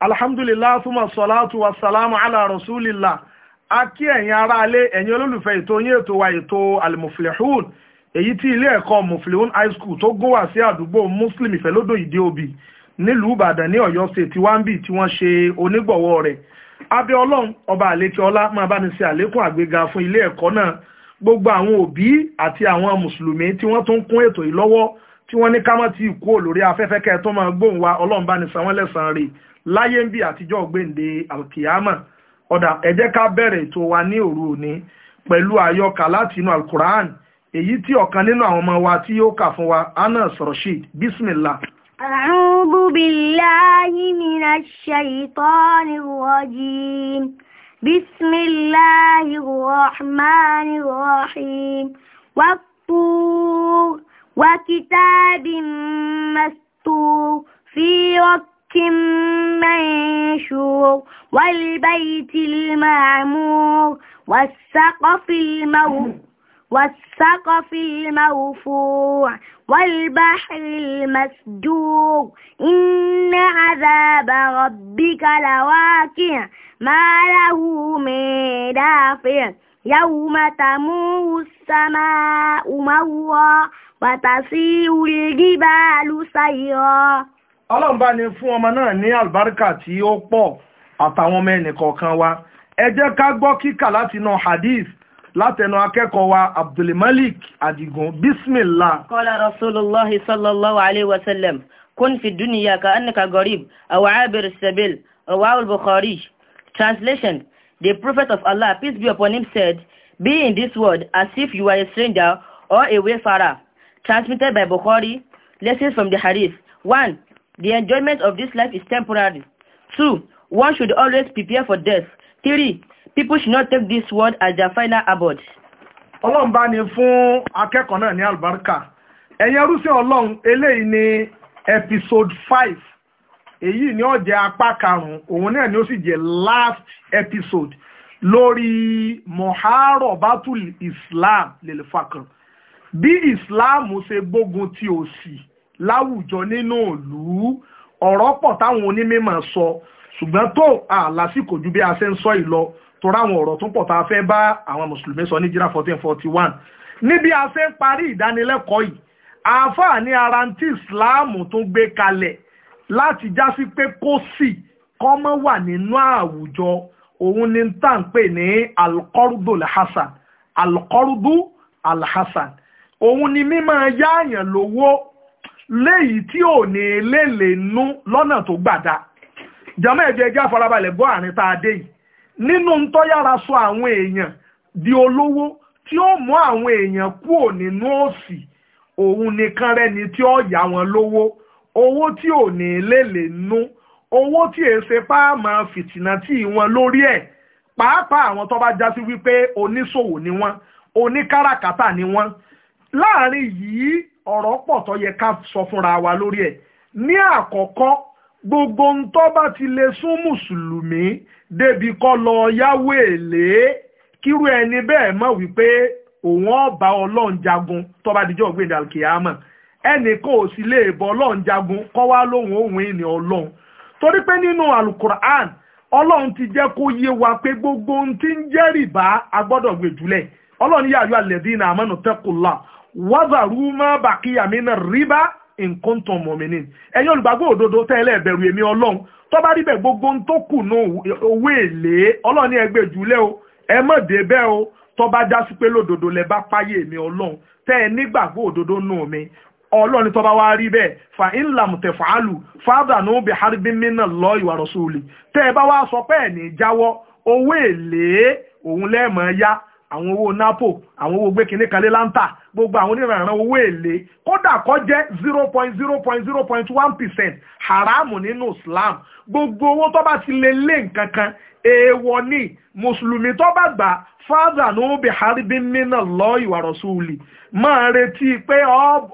alhamdulillah thumma salatu wa salamu ala rasulillah a kí ẹ̀yin ará alé ẹ̀yin olólùfẹ́ ètò yín ètò wa ètò almuflihun èyí tí ilé ẹ̀kọ́ muflihun high school tó gún wá sí àdúgbò muslim ìfẹ́lódò ìdí òbí nílùú ìbàdàn ní ọ̀yọ́ state tí wọ́n ń bì tí wọ́n ṣe onígbọ̀wọ́ rẹ̀ abẹ́ ọlọ́run ọba àlékè ọlá máa bá ní ṣe àlékún àgbéga fún ilé ẹ̀kọ́ náà gbogbo àwọn òbí àti àwọn mùsùlùmí tí wọ́n tún kún ètò yìí lọ́wọ́ tí wọ́n ní kámọ́ tí kú olórí afẹ́fẹ́ kẹ́ẹ̀tọ́ máa gbóhùn wa ọlọ́run bá ní san wọ́n lẹ́sàn-án rè láyé ń bí àtijọ́ gbèǹde alkiyama ọ̀dà ẹ jẹ́ ká bẹ̀rẹ̀ ètò wa ní òru òní pẹ̀lú àyọkà láti inú alukur'an èyí tí ọ̀kan nínú àwọn ọmọ wa tí yóò kà fún wa anas rasheed bismillah. a'udhu billahi minash shaitanir rajim bismillahir rahmanir rahim wat وكتاب مستور في رك منشور والبيت المعمور والسقف المرفوع والسقف المرفوع والبحر المسجور إن عذاب ربك لواقع ما له من دافع يوم تمور السماء مورا wàtàsíwì ríbà lùsàyọ. ọlọ́run bá ní fún ọmọ náà ní àlùbáríkà tí ó pọ̀ àtàwọn ọmọ ẹnìkọ̀ọ̀kan wa ẹ jẹ́ ká gbọ́ kíkà látinú hadith látẹnu akẹ́kọ̀ọ́ wa abdulmalik adigun bismillah. kọ́lá rasulillah sallallahu alayhi wa sallam kun fi duniya ka annaka garib aw abir sabil rawahu al-bukhari translation the prophet of allah peace be upon him said be in this world as if you are a stranger or a wayfarer transmitted by Bukhari, lessons from the Hadith. One, The enjoyment of this life is temporary. Two, One should always prepare for death. Three, People should not take this world as their final abode. Ọlọ́run bá ní fún akẹ́kọ̀ọ́ náà ní àlùbáríkà. Ẹ̀yin ẹrúsìn Ọlọ́run eléyìí ni episode five. Èyí ni ó jẹ́ apá karùn-ún, òun náà ni ó sì jẹ́ last episode lórí Muharobatul Islam lè lè fa kan bí ìsìláàmù ṣe gbógun ti òṣì láwùjọ nínú ìlú ọ̀rọ̀ pọ̀ táwọn onímọ̀ sọ ṣùgbọ́n tó àlásìkò ju bí a ṣe ń sọ ìlọ torí àwọn ọ̀rọ̀ tó pọ̀ tá a fẹ́ bá àwọn mùsùlùmí sọ ní jíra fourteen forty one níbi a ṣe ń parí ìdánilẹ́kọ̀ọ́ yìí àáfàá ní ara tí ìsìláàmù tó gbé kalẹ̀ láti já sí pé kó sì kọ́mọ́ wà nínú àwùjọ òun ni tá à ń pè ní alqordu alhassan alqordu alhassan òun ni mímọ́ yáàyàn lówó léyìí tí ò ní eléèlè nú lọ́nà tó gbàdá jàmọ́ ẹ̀jẹ̀ ẹjẹ́ àfarabalẹ̀ gbọ́ àárín tá a dé yìí nínú ń tọ́ yára sọ àwọn èèyàn di olówó tí ó mú àwọn èèyàn kúò nínú òsì òun nìkan rẹni tí ó yá wọn lówó owó tí ò ní eléèlè nú owó tí èè ṣe páàmà fìtìnà tí wọn lórí ẹ̀ pàápàá àwọn tó bá já sí wípé oníṣòwò ni wọ́n oníkáràkátà ni wọ́n láàrin yìí ọ̀rọ̀ pọ̀ tó yẹ ká sọ fúnra wa lórí ẹ̀ ní àkọ́kọ́ gbogbo ń ti lè sún mùsùlùmí débi kọ́ lọ yáwó èlé kírú ẹni bẹ́ẹ̀ mọ̀ wípé òun ọba ọlọ́run jagun tó bá dijọ́ gbé dàlkìámọ̀ ẹnì ò sì lè bọ ọlọ́run ti jẹ́ kó yé wa gbogbo ohun tí ń jẹ́ rìbá a gbèjúlẹ̀ ọlọ́run yà wàzàrú má bàkíyà mi náà rìbá nǹkan tán mọ̀mìnì ẹ̀yin olùgbàgbọ́ òdodo tẹ́lẹ̀ ẹ̀bẹ̀rù èmi ọlọ́run tó bá rí bẹ́ẹ̀ gbogbo tó kù ní owó èlé ọlọ́run ní ẹgbẹ́ jùlẹ̀ o ẹ mọ̀ dé bẹ́ẹ̀ o tó bá já sí pé lódodo lẹ bá páyé èmi ọlọ́run tẹ́ ẹ nígbàgbọ́ òdodo nù mí ọlọ́run tó bá wá rí bẹ́ẹ̀ fa ìlànà tẹ̀fàálù fáàdà ní ó bẹ̀ harbin mínà lọ ìwà rọ̀ṣọ́ọ̀lì tẹ́ ẹ bá wá sọ pé ẹ̀ ní jáwọ́ owó èlé òun lẹ́ẹ̀mọ́ yá àwọn owó napo àwọn owó gbẹ́kẹ̀lé kalẹ̀ lanta gbogbo àwọn onírànà owó èlé kódà kó jẹ́ zero point zero point zero point one percent haramu nínú Islam gbogbo owó tó bá ti lè lé nǹkan kan èèwọ̀ ni mùsùlùmí tó bá gbà fáza ní bihari bí mínà lọ ìwà rọ̀ṣúlì máa retí pé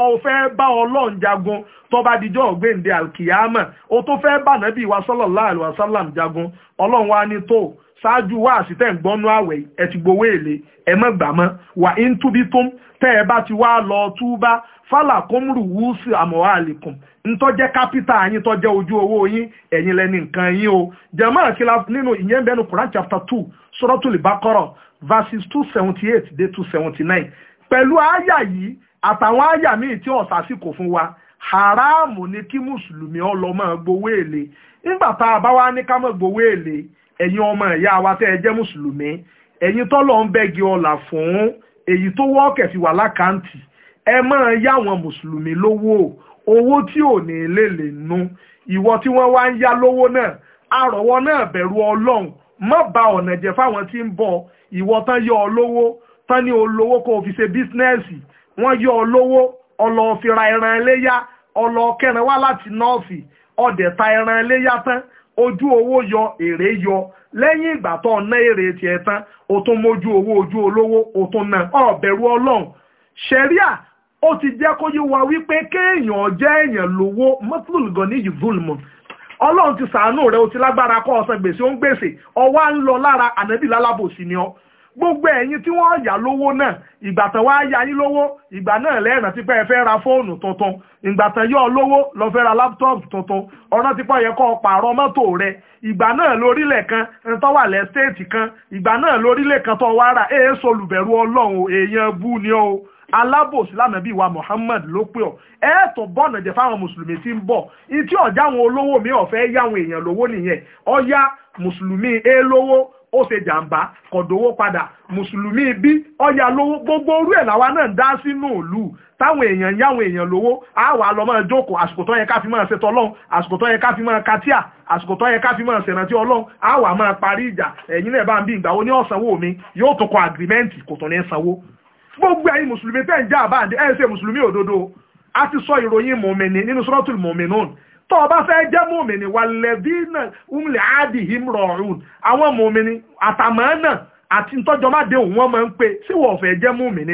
ọ fẹ́ bá ọlọ́run jagun tó bá dijọ́ ọ̀gbẹ́ǹde alkiyama o tó fẹ́ bá nàbí wa sallallahu alaihi jagun ọlọ́run wa ní tó ṣáájú wá àsìtẹ́ ìgbọ́nú àwẹ̀ ẹ ti gbowó èlé ẹ wà ń túbí tó ń tẹ́ ẹ bá ti wá lọ túbá fálà kọ́mùrù àlìkùn ntọ́jẹ́ kápítà yín tọ́jẹ́ ojú owó yín ẹ̀yin lẹ́ni nǹkan yín o jẹ̀mọ́ àkìlá nínú ìyẹn bẹ́ẹ̀ ní Quran chapter two suratul Baqara verses two seventy eight pẹ̀lú àyà yìí àtàwọn àyà míì tí fún wa haramu ni kí ẹ̀yin ọmọ ìyá wa tẹ́ ẹ jẹ́ mùsùlùmí ẹ̀yin tọ́lọ̀ ń bẹ́gi ọlà fún èyí tó wọ́ kẹ̀fì wà lákàntì ẹ máa yá àwọn mùsùlùmí lówó owó tí ò ní lèlè nu ìwọ tí wọ́n wá ń yá lówó náà àrọ̀wọ́ náà bẹ̀rù ọlọ́run má ba ọ̀nà jẹ́ fáwọn tí ń bọ̀ ìwọ tán yọ ọ lówó tán ní olówó kó o fi ṣe bísínẹ́sì wọ́n yọ ọ lówó ọlọ́ọ̀fìrà ẹran ẹlẹ́yà ọlọ́ọ̀kẹrin wá láti nọ́ọ̀fì ọdẹ ta ẹran ẹlẹ́yà tán ojú owó yọ èrè yọ lẹ́yìn ìgbà tó ná èrè tiẹ̀ tán o tún mójú owó ojú olówó o tún ná ọ̀bẹ̀rù ọlọ́run ṣẹ̀ríà ó ti jẹ́ kó yí wa wípé kéèyàn jẹ́ èèyàn lówó mọ́tòlùgàn ní yìvùlmù ọlọ́run ti sàánú rẹ̀ o ti lágbára kọ́ ọ̀sán gbèsè ó ń gbèsè ọwá ń lọ lára ànábì lálábòsí ni ọ́ gbogbo ẹ̀yin tí wọ́n yà lówó náà ìgbà tán wá yá yín lówó ìgbà náà lẹ́ẹ̀rán ti pẹ́ fẹ́ ra fóònù tuntun ìgbà tán yọ lówó lọ fẹ́ ra láptọ́ọ̀pù tuntun ọ̀nà ti pọ̀ yẹ kó pààrọ̀ mọ́tò rẹ ìgbà kan tó wà kan ìgbà náà lórílẹ̀ kan tó wá rà èé solùbẹ̀rù ọlọ́run èèyàn ni ó alábòsí wa Muhammad ló ọ ẹ tó bọ́ọ̀nà jẹ fáwọn mùsùlùmí tí ń bọ̀ ìtí ọ̀já àwọn olówó mi ọ̀fẹ́ yáwọn èèyàn lówó nìyẹn ọ̀yá mùsùlùmí ó ṣe jàǹbá kọ̀dọ̀wó padà mùsùlùmí bí ọ̀yà lówó gbogbo orú ẹ̀ làwa náà ń dá sínú òlu táwọn èèyàn yáwọn èèyàn lówó á wà lọ máa jókòó àsìkò tó yẹ ká fi máa ṣe tọlọ́hún àsìkò tó yẹ ká fi máa katíà àsìkò tó yẹ ká fi máa ṣèrántí ọlọ́hún á wà máa parí ìjà ẹ̀yin náà bá ń bí ìgbà wo ní ọ̀sánwó mi yóò tó kọ àgírímẹ́ǹtì kò tó sanwó gbogbo ẹ̀yin mùsùlùmí tẹ́ ń já àbáǹdé ẹ̀ ṣe mùsùlùmí òdodo a ti sọ ìròyìn mọ̀mẹ́ni nínú suratul mọ̀mẹ́nọ́ọ̀nù tó o bá fẹ́ jẹ́ mòmìnì wà lẹ́bí náà umlẹ̀ adìhìm rọ̀rùn àwọn mòmìnì àtàmọ́nà àti ntọ́jọ́mádé òun wọn máa ń pè sí wọ́n fẹ́ jẹ́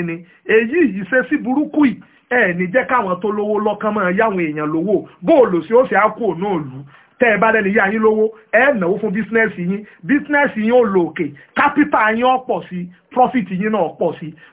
ni èyí ìṣe sí burúkú yìí ẹ̀ ní jẹ́ káwọn tó lówó lọ́kàn máa yáwọn èèyàn lówó bóòlù sí ó sì á kúrò náà lù tẹ́ ẹ bá lẹ́nu yá yín lówó ẹ náwó fún bísínẹ́sì yín bísínẹ́sì yín ó òkè kápítà yín ó pọ̀ sí yín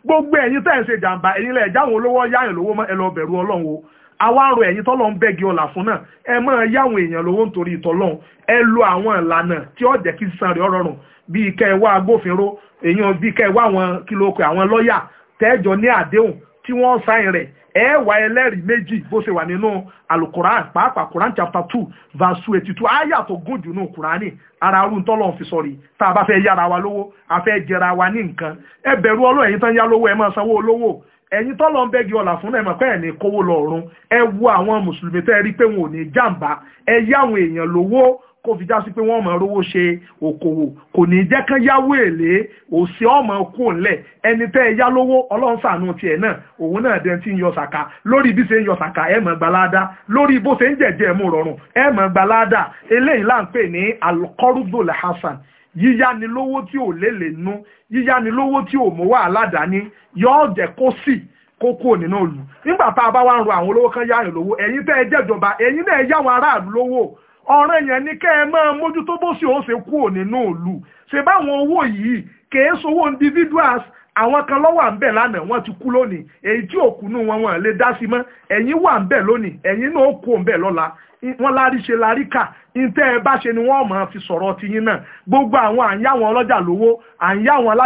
gbogbo ẹ̀yin tẹ́ ẹ̀ ń ṣe jàǹbá ẹ̀yin jáwọn àwa ń rọ ẹ̀yin tọ́lọ́ ń bẹ́gi ọ̀là fún náà ẹ máa yáwọn èèyàn lówó nítorí ìtọ́lọ́hún ẹ lo àwọn ìlànà tí ó jẹ́ kí sísan rẹ̀ ọ̀rọ̀rùn bíi kẹ́ ẹ wá agbófinró èèyàn bíi kẹ́ ẹ wá àwọn kìlọ̀ pé àwọn lọ́ọ̀yà tẹ́jọ ní àdéhùn tí wọ́n sáyìn rẹ̀ ẹ wá ẹlẹ́rìí méjì bó ṣe wà nínú alukoran pàápàá koran chapter two verse eighty two àyà tó gùn jù nù kurani ara arú ń tọ́lọ̀ fi sọ̀rí tá a bá fẹ́ yára wa lówó a fẹ́ jẹra wa ní nǹkan ẹ bẹ̀rù ọlọ́ọ̀yìn tán yá lówó ẹ máa sanwó lówó ẹ̀yin tọ́lọ̀ ń bẹ́gi ọ̀là fún náà mọ̀pẹ́ ẹ̀ ní kówó lọ ọ̀run ẹ wo àwọn mùsùlùmí tẹ́ rí pé wọn ò ní jàǹbá ẹ yá àwọn èèyàn lówó kó fi já sí pé wọ́n máa rówó ṣe okòwò kò ní jẹ́ kán yáwó èlé òsì ọmọ kò ńlẹ̀ ẹni tẹ́ ẹ yá lówó ọlọ́run ṣàánú tiẹ̀ náà òun náà dẹ́n tí ń yọ sàkà lórí bí ṣe ń yọ sàkà ẹ̀ máa gbalada lórí bó ṣe ń jẹ̀jẹ̀ mú rọrùn ẹ̀ máa gbalada eléyìí là ń pè ní alukọ́rùdò lẹ́hásán yíyánilówó tí ò lélè nú yíyánilówó tí ò mú wàhálà dání yóò jẹ́ kó sì kókó nínú òlù nígbà tá a bá wá ń ro àwọn olówó kan yáyàn lówó ẹ̀yin tẹ́ ẹ jẹ́jọba ẹ̀yin náà yá àwọn aráàlú lówó ọ̀ràn yẹn ni kẹ́ ẹ máa mójútó bó ṣe ó ṣe kúrò nínú òlù ṣe báwọn owó yìí kèé sowó individuals àwọn kan lọ́wọ́ à ń bẹ̀ lánàá wọ́n ti kú lónìí èyí tí òkú nù wọn wọn lè dá sí mọ́ ẹ̀yin wà ń bẹ̀ lónìí ẹ̀yin náà kú ń bẹ̀ lọ́la wọ́n lárí ṣe lárí kà ntẹ́ ẹ bá ṣe ni wọ́n máa fi sọ̀rọ̀ ti yín náà gbogbo àwọn à ń wọn ọlọ́jà lówó à ń yá wọn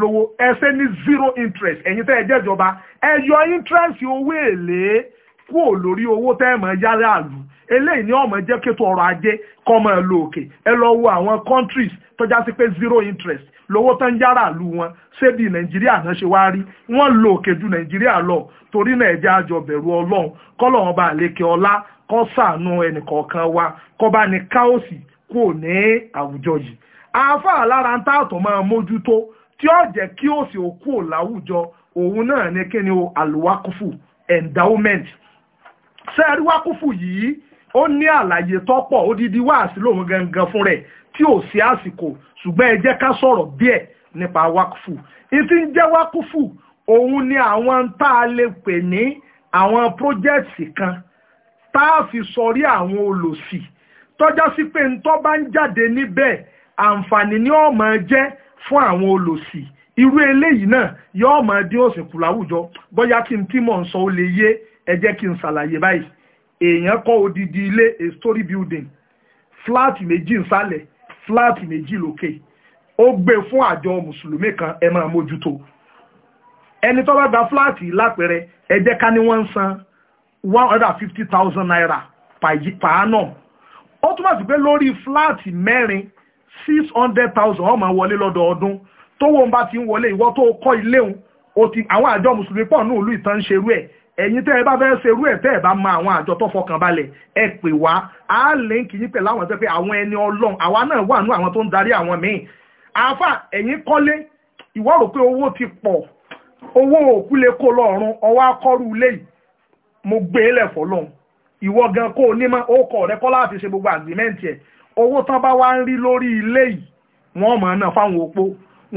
lówó ẹ ní zero interest ẹ̀yin tẹ́ ẹ jẹ́jọba ẹ yọ interest owó èlé kúò lórí owó tẹ́ ẹ máa yára àlù eléyìí ni ọmọ jẹ́ kí ètò ọrọ̀ ajé kó máa lọ òkè ẹ lọ wo àwọn countries tó já sí pé zero interest lówó tán yára ìlú wọn ṣé bí nàìjíríà náà ṣe wá rí wọn lọ òkè ju nàìjíríà lọ torí náà ẹjẹ àjọ bẹ̀rù ọlọ́run kọ́lọ́run bá lékè ọlá kó ṣàánú ẹnìkọ̀ọ̀kan wa kó bá ní káòsì kúrò ní àwùjọ yìí àáfàá lára ń tààtọ̀ máa mójútó tí ó jẹ́ kí òsì òkú ò láwùjọ òun náà ní kí o àlùwákùfù endowment sẹ́ẹ̀rí wákùfù yìí ó ní àlàyé tọ́pọ̀ odidi wáàsí lòun gangan fún rẹ̀ tí ò sí àsìkò ṣùgbọ́n ẹ jẹ́ ká sọ̀rọ̀ díẹ̀ nípa wákùfù ìtí ń jẹ́ wákùfù òun ni àwọn tá a lè pè ní àwọn projects kan tá a fi sọrí àwọn olòṣì tọ́já sí pé ntọ́ bá ń jáde níbẹ̀ àǹfààní ni ó máa jẹ́ fún àwọn olòṣì irú eléyìí náà yóò máa dín òsìnkú láwùjọ bóyá kí n tí mò ń sọ ó lè yé ẹ kí n ṣàlàyé báyìí èèyàn kọ́ odidi ilé a story building flat méjì nsàlẹ̀ flat méjì lókè ó gbé fún àjọ mùsùlùmí kan ẹ máa mójútó ẹni tó bá gba flat lápẹẹrẹ ẹ ká ní wọ́n ń san one hundred fifty thousand naira per annum ó túmọ̀ sí pé lórí fúláàtì mẹ́rin six hundred thousand ó máa wọlé lọ́dọọdún tówó ń bá ti ń wọlé ìwọ tó kọ́ ilé òun àwọn àjọ mùsùlùmí pọ̀ ní ìlú ìtàn ń ṣerú ẹ̀ ẹ̀yin tẹ́ ẹ bá fẹ́ ṣerú ẹ̀ tẹ́ ẹ bá mọ àwọn àjọ tó fọkàn balẹ̀ ẹ pè wá á lẹ́ǹkì yín pẹ̀lú àwọn ẹgbẹ́ pé àwọn ẹni ọlọ́run àwa náà wà nú àwọn tó ń darí àwọn míì àáfà ẹ̀yin kọ́lé ìwọ rò pé owó ti pọ̀ owó òkú lè kó lọ́ọ̀run ọwọ́ akọ́rù lẹ́yìn mo gbé e lẹ̀ fọlọ́n ìwọ gan kó o ní mọ́ ó kọ̀ rẹ kọ́ láti ṣe gbogbo àgbìmẹ́ǹtì ẹ̀ owó tán bá wá ń rí lórí ilé yìí wọ́n máa ná fáwọn opó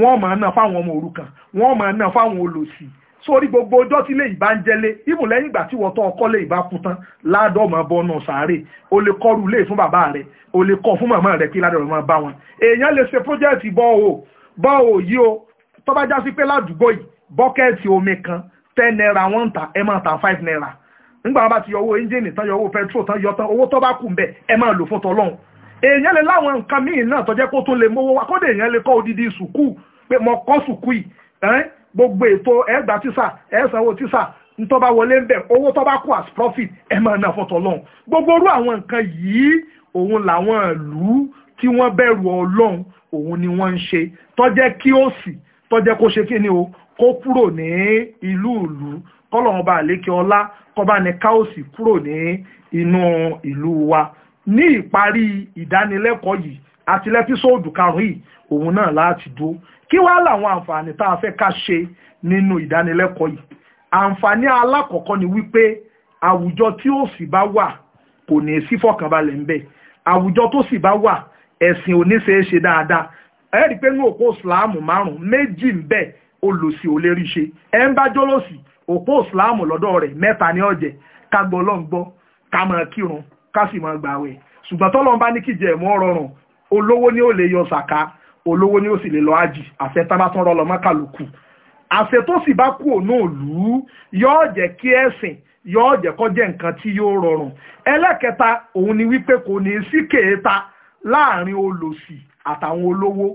wọ́n máa ná fáwọn ọmọ òrukàn wọ́n máa ná fáwọn olòṣì sórí gbogbo ọjọ́ tí lè ìbá ń jẹ́lé ibù lẹ́yìn ìgbà tí wọ́n tọ́ ọkọ́ lè ìbá kú tán ládọ́mọ̀ bọ́nà sàárè o lè kọ́rù lè fún bàbá rẹ̀ o lè kọ́ fún màmá rẹ̀ kí ládọ́rọ̀ máa bá wọn. èèyàn lè ṣe pọ́jẹ́ẹ̀tì bọ́ọ̀ o. yìí o tó bá já sí pé ládùúgbò yìí bọ́kẹ́ẹ̀tì omi kan ten naira wọ́n ń ta ẹ máa ta five naira nígbà wọn bá ti yọ owó ẹ́ńjìnì tán yọ owó pẹtrol tán yọ tán owó tó bá kù ń bẹ̀ ẹ máa lò fún tọlọ́run èèyàn lè láwọn nǹkan míì náà tọ́jẹ́ kó tún lè mówó wá kódé èèyàn lè kọ́ odidi sùkúù pé mo kọ́ sùkúù yìí gbogbo ètò ẹgbàá tísà ẹ̀sánwó tísà tó bá wọlé ń bẹ̀ owó tó bá kù as profit ẹ máa ná fún tọlọ́run gbogbo orú àwọn nǹkan yìí òun làwọn ìlú tí wọ́n bẹ̀rù ọlọ́run òun ni wọ́n ń ṣe tọ́jẹ́ kí ó sì tọ́jẹ́ kó kọba ní káòsì kúrò ní inú ìlú wa ní ìparí ìdánilẹ́kọ̀ọ́ yìí àti lẹ́písòòdù karùn-ún yìí òun náà láti dúró kí wá làwọn àǹfààní tá a fẹ́ ká ṣe nínú ìdánilẹ́kọ̀ọ́ yìí àǹfààní alákọ̀ọ́kọ́ ni wípé àwùjọ tí ó sì bá wà kò ní sí fọkànbalẹ̀ ń bẹ àwùjọ tó sì bá wà ẹ̀sìn ò ní ṣe é ṣe dáadáa ẹ rí pé ní òpó ìsìláàmù márùn-ún méjì ń bẹ olòṣì ò ṣe ẹ ń bá jọ́lọ́sì òpó ìsìláàmù lọ́dọ̀ rẹ̀ mẹ́ta ní ọ̀jẹ̀ ká gbọ́ ọlọ́run gbọ́ kírun ká gbàwẹ̀ ṣùgbọ́n tọ́lọ́run bá ní kíjẹ ẹ̀mọ́ rọrùn olówó ni ó lè yọ sàká olówó ni ó sì lè lọ ájì àṣẹ tá bá tán rọ lọ mọ́ kálukú àṣẹ tó sì bá kú òun náà lù ú yóò jẹ́ kí ẹ̀sìn yóò jẹ́ kó jẹ́ nǹkan tí yóò rọrùn ẹlẹ́kẹta òun ni wípé kò ní sí kèéta láàrin olòṣì àtàwọn olówó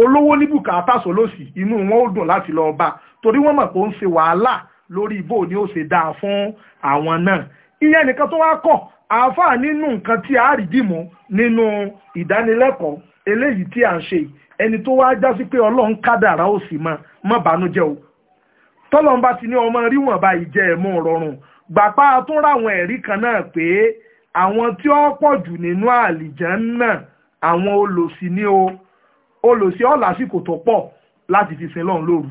olówó ní bùkátà sólòṣì inú wọn ò dùn láti lọ bá torí wọ́n mọ̀ pé ó ń ṣe wàhálà lórí bó ni ó ṣe dáa fún àwọn náà ìyẹn nìkan tó wá kọ̀ àáfàá nínú nǹkan tí a rí dìmú nínú ìdánilẹ́kọ̀ọ́ eléyìí tí à ń ṣe ẹni tó wá já sí pé ọlọ́run kádàrá ó sì mọ mọ bànújẹ́ o tọ́lọ́run bá ti ní ọmọ ríwọ̀n báyìí jẹ́ ẹ̀mú rọrùn gbàpá tó ráwọn ẹ̀rí kan náà pé àwọn tí ó pọ̀ jù nínú àlìjànnà àwọn olòṣì ni o olòṣì ọ̀làsìkò tó pọ̀ láti fi sin lọ́run lóru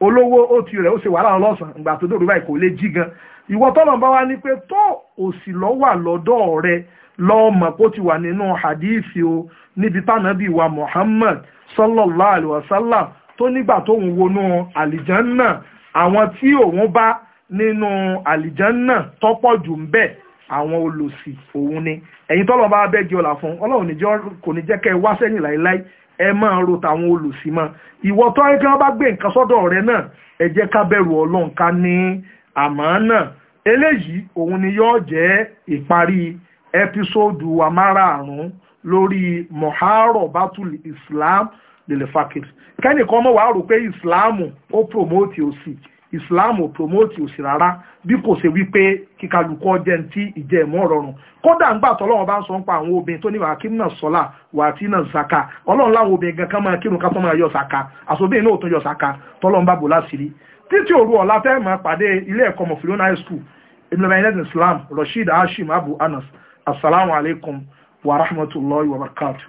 olówó ó ti rẹ̀ ó ṣe wàhálà ọlọ́sàn ìgbà tó dòdò báyìí kò lè jí gan ìwọ tọ́lọ̀ bá wá ní pé tó òsì lọ́ lọ́dọ̀ rẹ lọ́ọ̀mọ̀ kó ti wà nínú hadithi o níbi tánàbí wa Muhammad sallallahu alayhi wa sallam tó nígbà tóun wọnú àlìjánná àwọn tí òun bá nínú àlìjánná tọ́pọ̀ jù ń bẹ àwọn olòṣì òun ni ẹ̀yin tọ́lọ̀ bá bẹ́ẹ̀ gé ọ̀là fún ọlọ́run kò ní jẹ́ kẹ́ ẹ wá sẹ́yìn láéláé ẹ máa ro tàwọn olùsímọ́ ìwọ tó ń kí wọ́n bá gbé nǹkan sọ́dọ̀ rẹ náà ẹ jẹ́ ká bẹ̀rù ọlọ́run ká ní àmọ́ náà eléyìí òun ni yóò jẹ́ ìparí ẹ́písòdù wa márààrún lórí moharo batul islam lèlè fakir kẹ́nìkan mọ̀ wá rò pé ìsìláàmù ó promote òsì islam ò promote òsì rárá bí kò ṣe wípé kíkálukú ọjẹ́ ti ìjẹ́ ìmọ̀ rọrùn kódà ńgbà tọ́lọ́run bá ń sọ nípa àwọn obìnrin tó ní wàá kí náà sọ́là wàá tí náà ṣàkà ọlọ́run láwọn obìnrin gan kan máa kírun ká tó máa yọ ṣàkà àsobìnrin náà ò tún yọ ṣàkà tọ́lọ́run bá bò láṣìírí títí òru ọ̀la tẹ́ máa pàdé ilé ẹ̀kọ́ mọ̀fìlónà high school ibn islam rasheed hashim abu anas assalamu alaikum wa rahmatullahi